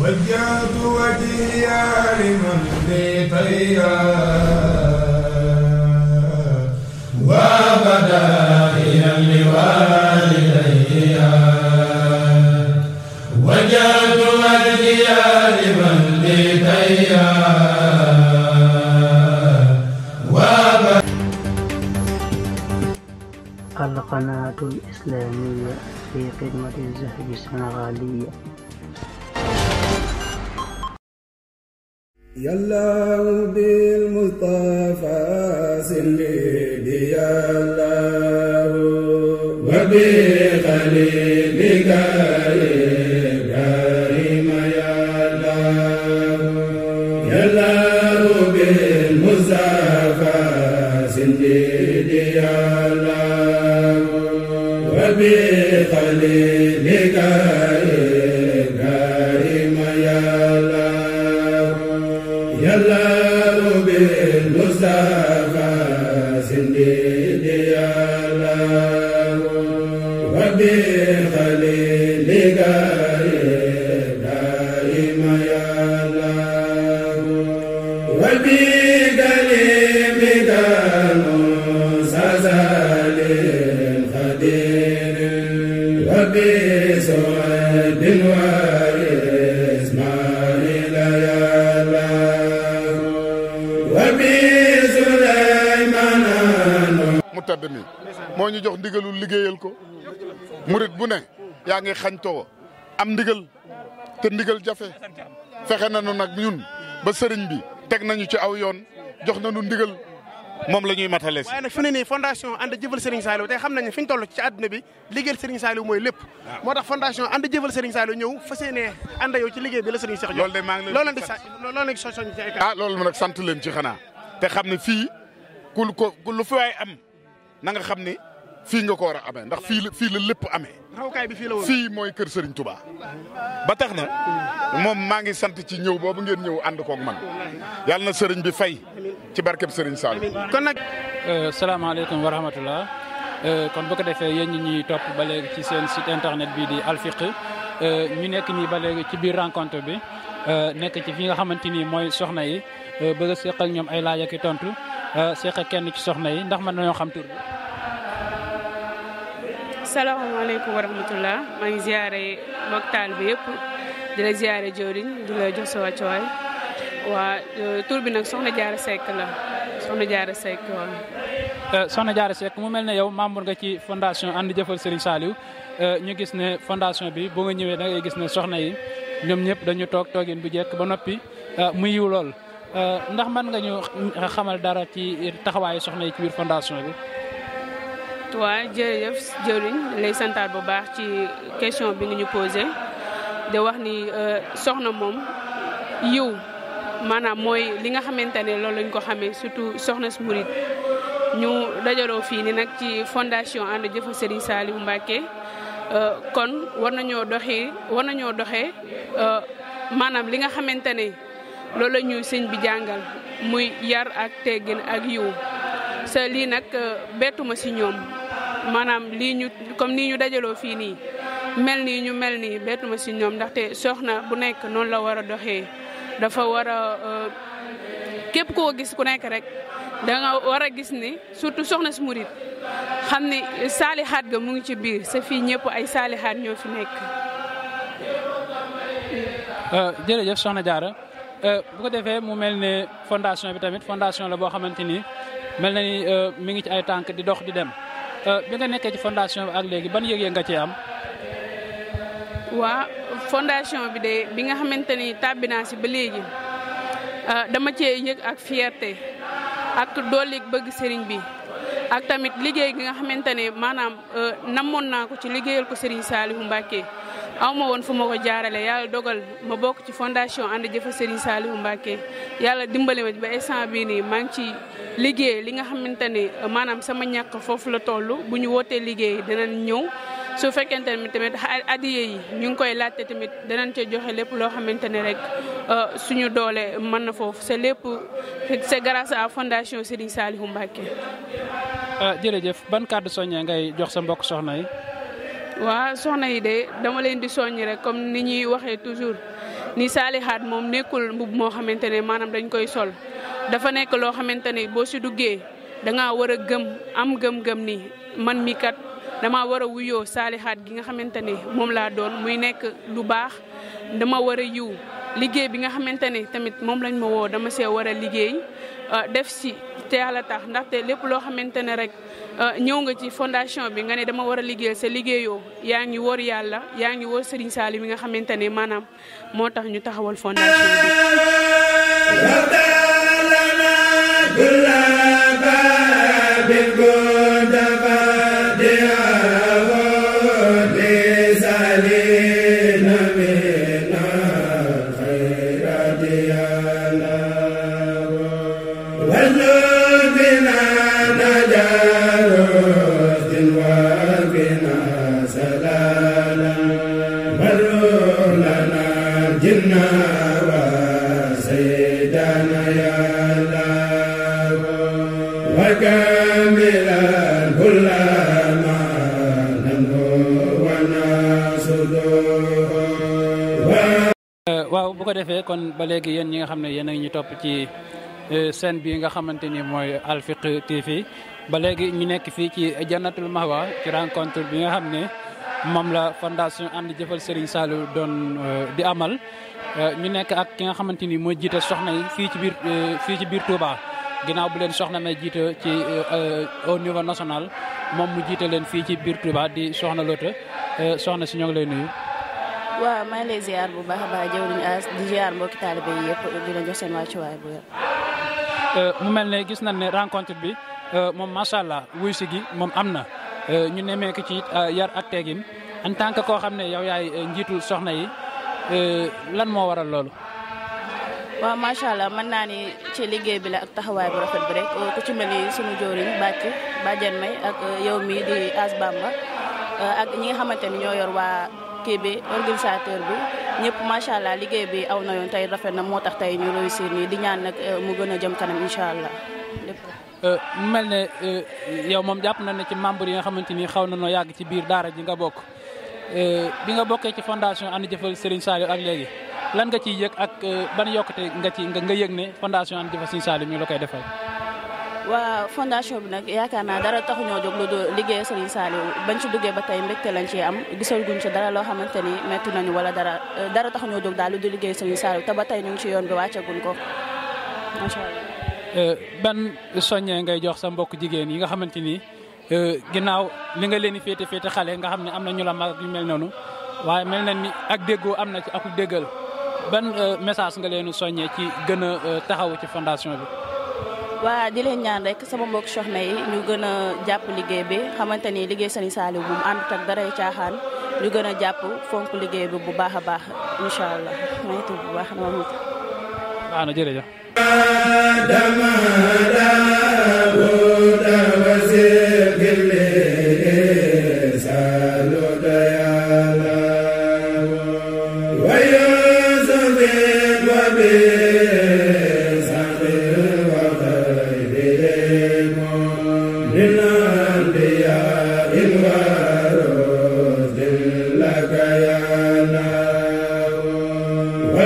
وجهت وجهي لمن لي طيا وبدا إلى لوالدي وجهت وجهي لمن لي طيا القناة الإسلامية في خدمة الزهد السنغالية يلا المصطفى سلي الله وبي خليل المصطفى سندي الله وبخليلك دائما يا الله وبكلمك موسى سالم خدير وبسعد وعلي mu tedd mi moo ñu jox ndigalul liggéeyal ko murit bu ne yaa ngi xañtoo am ndigal te ndigal jafe fexe nañu nag ñun ba sëriñ bi teg nañu ci aw yoon jox nañu ndigal moom la ñuy matale si. waaye nag fi ne nii fondation ànd jëfal Serigne Saliou tey xam nañu fi ñu toll ci àdduna bi liggéeyal Serigne Saliou mooy lépp. moo tax fondation ànd jëfal Serigne Saliou ñëw fas yéenee ànd yow ci liggéey bi la Serigne Cheikh loolu de maa ngi leen di sant loolu la ñu soññ ci ay ah te xam nanga xam ni fii nga ko war a amee ndax fii la fii la lépp amee. rawkaay bi fii la woon mooy kër Serigne Touba. ba tax na moom maa ngi sant ci ñëw boobu ngeen ñëw ànd koog man yàlla na Serigne bi fay ci barkeb Serigne bi kon nag. Euh, salaamaaleykum wa rahmatullah euh, kon bu ko defee yéen ñi ñuy topp ba léegi ci seen site internet bi di Alfiqh euh, ñu nekk nii ba léegi ci biir rencontre bi nekk ci fi nga xamante ni mooy soxna yi bëgg a ak ñoom ay laaj ak i tontu. Euh, seq kenn ci soxna yi ndax mën nañoo xam tur bi. salaamaaleykum wa rahmatullah maa ngi ziare mbokk taal bi yëpp di la ziare joriñ di la jox sa wàccuwaay waa euh, tur bi nag soxna Diarra Seck la soxna jaar Seck waaw. Euh, soxna Diarra Seck mu mel ne yow membre nga ci fondation ànd jëfal Serigne Saliou ñu gis ne fondation bi bu nga ñëwee da gis ne soxna yi ñoom ñëpp dañu toog toogin bu jekk ba noppi mu yiw lool. Euh, ndax mën nga ñu xamal dara ci taxawaayu soxna yi ci biir fondation bi. waaw jërëjëf jëriñ lay santaat bu baax ci question bi nga ñu pose de wax ni euh, soxna moom yiw maanaam mooy li nga xamante ne loolu lañ ko xamee surtout soxna si murit ñu dajaloo fii ni nag ci fondation ànd jëfa Serigne Saliou Mbacké euh, kon war nañoo doxee war nañoo doxee maanaam li nga xamante ne. loolu la ñuy sëñ bi jàngal muy yar ak teggin ak yiw sa lii nag euh, bettuma si ñoom maanaam lii ñu comme nii ñu dajaloo fii nii mel nii ñu mel nii bettuma si ñoom ndaxte soxna bu nekk noonu la war a doxee dafa war a euh, képp koo gis ku nekk rek danga war a gis ni surtu soxna si murit xam ni saalixaat ga mu ngi ci biir sa fii ñépp ay saalixaat ñoo su nekk euh, jërëjëf soxna jaara Euh, bu ko defee mu mel ne fondation bi tamit fondation la boo xamante ni mel na ni euh, mi ngi ci ay tànk di dox di dem euh, bi nga nekkee ci fondation bi ak léegi ban yëg-yëg nga ci am. waa fondation bi de bi nga xamante ni tàbbi si ba léegi dama cee yëg ak fierté ak dollik bëgg sëriñ bi ak tamit liggéey gi nga xamante ne maanaam namoon naa ko ci liggéeyal ko sëriñ Saliou Mbacké aw ma woon fu ma ko jaarale yàlla dogal ma bokk ci fondation ànd jëfa Serigne Saliou Mbacké yàlla dimbali ma ba instant bii nii maa ngi ci liggéey li nga xamante ne maanaam sama ñàkk foofu la toll bu ñu wootee liggéey dinañ ñëw su fekkente ne tamit adiye yi ñu ngi koy laajte tamit danañ ca joxe lépp loo xamante ne rek euh, suñu doolee mën na foofu c'est lépp c'est grâce à fondation Serigne Saliou Mbacké. Euh, jërëjëf ban kàddu soññee ngay jox sa mbokk soxna yi. waa soxna yi de dama leen di soññ rek comme ni ñuy waxee toujours ni saalixaat moom nekkul mbubb moo xamante ne maanaam dañ koy sol dafa nekk loo xamante ne boo si duggee da ngaa war a gëm am gëm-gëm ni man mi kat dama war a wuyoo saalixaat gi nga xamante ne moom laa doon muy nekk lu baax dama war a yiw liggéey bi nga xamante ne tamit moom lañ ma woo dama see war a liggéey ah, def si te tax ndaxte lépp loo xamante ne rek Euh, ñëw nga ci fondation bi nga ne dama war a liggéey sa liggéeyoo yaa ngi wóor yàlla yaa ngi wóor Serigne Saliou mi nga xamante ne maanaam moo tax ñu taxawal fondation bi. Hello waaw bu ko defee kon ba léegi yéen ñi nga xam ne yéen a ngi ñu topp ci Euh, seen bi nga xamante ni mooy Alfiqh TV ba léegi ñu nekk fii ci Jannatul Mahwa ci rencontre bi nga xam ne moom la fondation ànd jëfal Serigne Saliou doon euh, di amal euh, ñu nekk ak ki nga xamante ni mooy jiite soxna yi fii ci biir fii ci biir Touba ginnaaw bu leen soxna may jiite ci au niveau national moom mu jiite leen fii ci biir Touba di soxna Loota soxna si ñoo ngi lay nuyu. waaw maa ngi lay ziar bu baax a baax jëwriñ as di ziar mbokki taalibe yi yëpp di la jox seen wàccuwaay bu wér. Euh, mu mel ne gis nañ ne rencontre bi euh, moom macha allah wuy gi moom am na euh, ñu nemmeeku ci yar ak teegin en tant que koo xam ne yow yaay njiitu soxna yi lan moo waral loolu. waaw macha allah man naa ni ci liggéey bi la ak taxawaay bu rafet bi rek ku ci mel ni sunu jóoriñ bàcc bàjjen may ak yow mii di As Bamba ak ñi nga xamante ni ñoo yor waa kii bi organisateur bi. ñëpp macha allah liggéey bi aw na yoon tey rafet na moo tax tey ñu réussir nii di ñaan nag euh, mu gën a jëm kanam incha allah lépp. Euh, mu mel ne euh, yow moom jàpp na ne ci membre yi nga xamante ni xaw na noo yàgg ci biir daara ji nga bokk bi nga bokkee ci fondation And Jëfal Serigne Saliou ak léegi lan nga ciy yëg ak ban yokkute nga ci nga yëg ne fondation And Jëfal Serigne Saliou mi la koy defal. waa fondation bi nag yaakaar naa dara taxu ñoo jóg lu dul liggéey Serigne Saliou bañ ci duggee ba tey mbégte lañ ci am gisal guñ ci dara loo xamante ni metti nañu wala dara dara taxu ñoo jóg daal lu dul liggéey Serigne Saliou te ba tey ñu ngi ci yoon bi wàcceguñ ko euh, ban soññee ngay jox sa mbokk jigéen yi nga xamante ni euh, ginnaaw li nga leen di féete féete xale nga xam ne am na ñu la mag yu mel noonu waaye mel na ni ak déggoo am na ci ak déggal ban euh, message nga leen soññee ci gën a taxawu ci fondation bi. waa di leen ñaan rek sama mbokk soxna yi ñu gën a jàpp liggéey bi xamante ni liggéey Serigne Saliou bu mu àndut daray caaxaan ñu gën a jàpp fonk liggéey bi bu baax a baax incha allah maytu bu baax na mamut baax na jërëjëf dama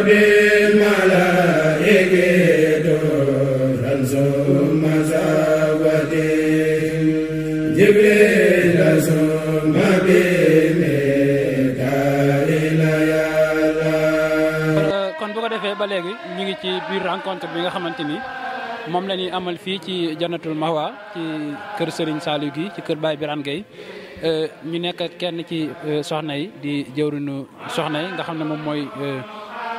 Euh, kon defee ba léegi ñu ngi ci biir rencontre bi nga xamante ni moom lañuy amal fii ci janatul mawa ci kër sëriñ Saliou gi ci kër Baye Birane Gueye euh, ñu nekk kenn ci euh, soxna yi di jëwriñu soxna yi nga xam ne moom mooy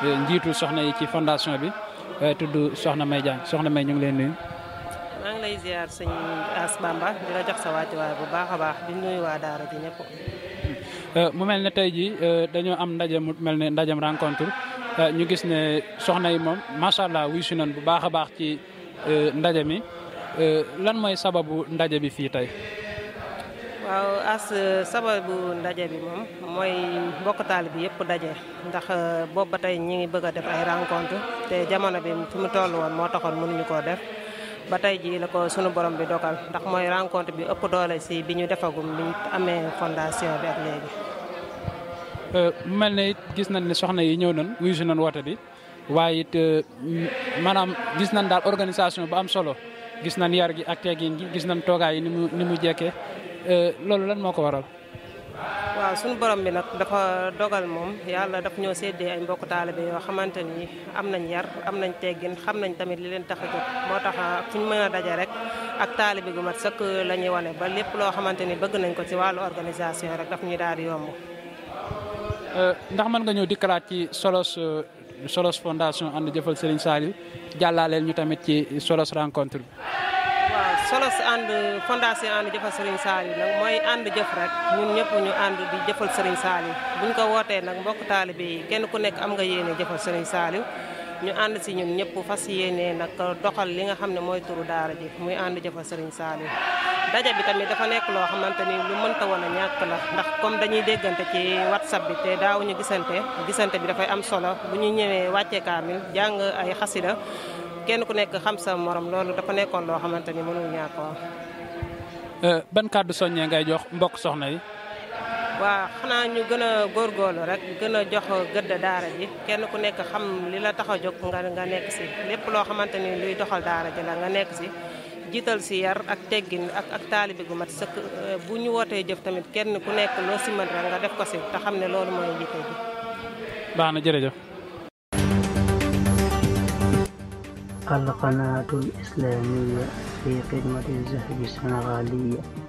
njiitu soxna yi ci fondation bi eh, tudd soxna May Diagne soxna May ñu ngi leen nuyu. maa ngi lay ziar As Bamba di jox sa wàccuwaay bu baax a baax di nuyu waa Daara ji ñëpp. Eh, mu mel ne tey jii eh, dañoo am ndaje mu mel ne ndajem rencontre ñu gis ne soxna yi moom macha allah wuy si nañ bu baax a baax ci ndaje mi lan mooy sababu ndaje bi fii tey. waaw as euh, sababu ndaje bi moom mooy mbokk taal bi yëpp daje ndax euh, boobu ba tey ñi ngi bëgg a def ay rencontre te jamono bi fu mu toll woon moo taxoon ñu ko def ba tey jii la ko sunu borom bi dogal ndax mooy rencontre bi ëpp doole si bi ñu defagum bi ñu amee fondation bi ak léegi. Euh, mel na it gis nañ ne soxna yi ñëw nañ wuyu si nañ woote bi waaye it maanaam gis nañ daal organisation bu am solo gis na nañ yar gi ak teggin gi gis nañ toogaay yi ni mu ni mu jekkee Euh, loolu lan moo ko waral. waaw sunu borom bi nag dafa dogal moom yàlla daf ñoo séddee ay mbokk taalibe yoo xamante ni am nañ yar am nañ teggin xam nañ tamit li leen tax a jóg moo tax ah, fu ñu mën a daje rek ak taalibe gu mat sëkk la wane ba lépp loo xamante ni bëgg nañ ko ci wàllu organisation rek daf ñuy daal di yomb. Euh, ndax mën nga ñëw dikkalaat ci solos euh, solos fondation ànd jëfal Serigne Saliou jàllaleel ñu tamit ci solos rencontre bi. solo si ànd fondation ànd jëfal Serigne Saliou nag mooy ànd jëf rek ñun ñëpp ñu ànd di jëfal Serigne Saliou buñ ko wootee nag mbokk taalibe yi kenn ku nekk am nga yéene jëfal Serigne Saliou ñu ànd si ñun ñëpp fas yéene nag doxal li nga xam ne mooy turu daara ji muy ànd jëfal Serigne Saliou daja bi tamit dafa nekk loo xamante ni lu mënta woon a ñàkk la ndax comme dañuy déggante ci whatsapp bi te ñu gisante gisante bi dafay am solo bu ñu ñëwee wàccee kaamil jàng ay xasida kenn ku nekk xam sa morom loolu dafa nekkoon loo xamante ni mënul ñàkk wax euh, ban kàddu soññee ngay jox mbokk soxna yi waaw xanaa ñu gën a góorgóorlu rek gën a jox gëdd daara ji kenn ku nekk xam li la tax a jóg nga nga nekk si lépp loo xamante ni luy doxal daara ji la nga nekk si jiital si yar ak teggin ak ak taalibe gu mat sëkk euh, bu ñu wootee jëf tamit kenn ku nekk loo si mën rek nga def ko si te xam ne loolu mooy jiite ji baax na jërëjëf القناة الإسلامية في خدمة الزهد السنغالية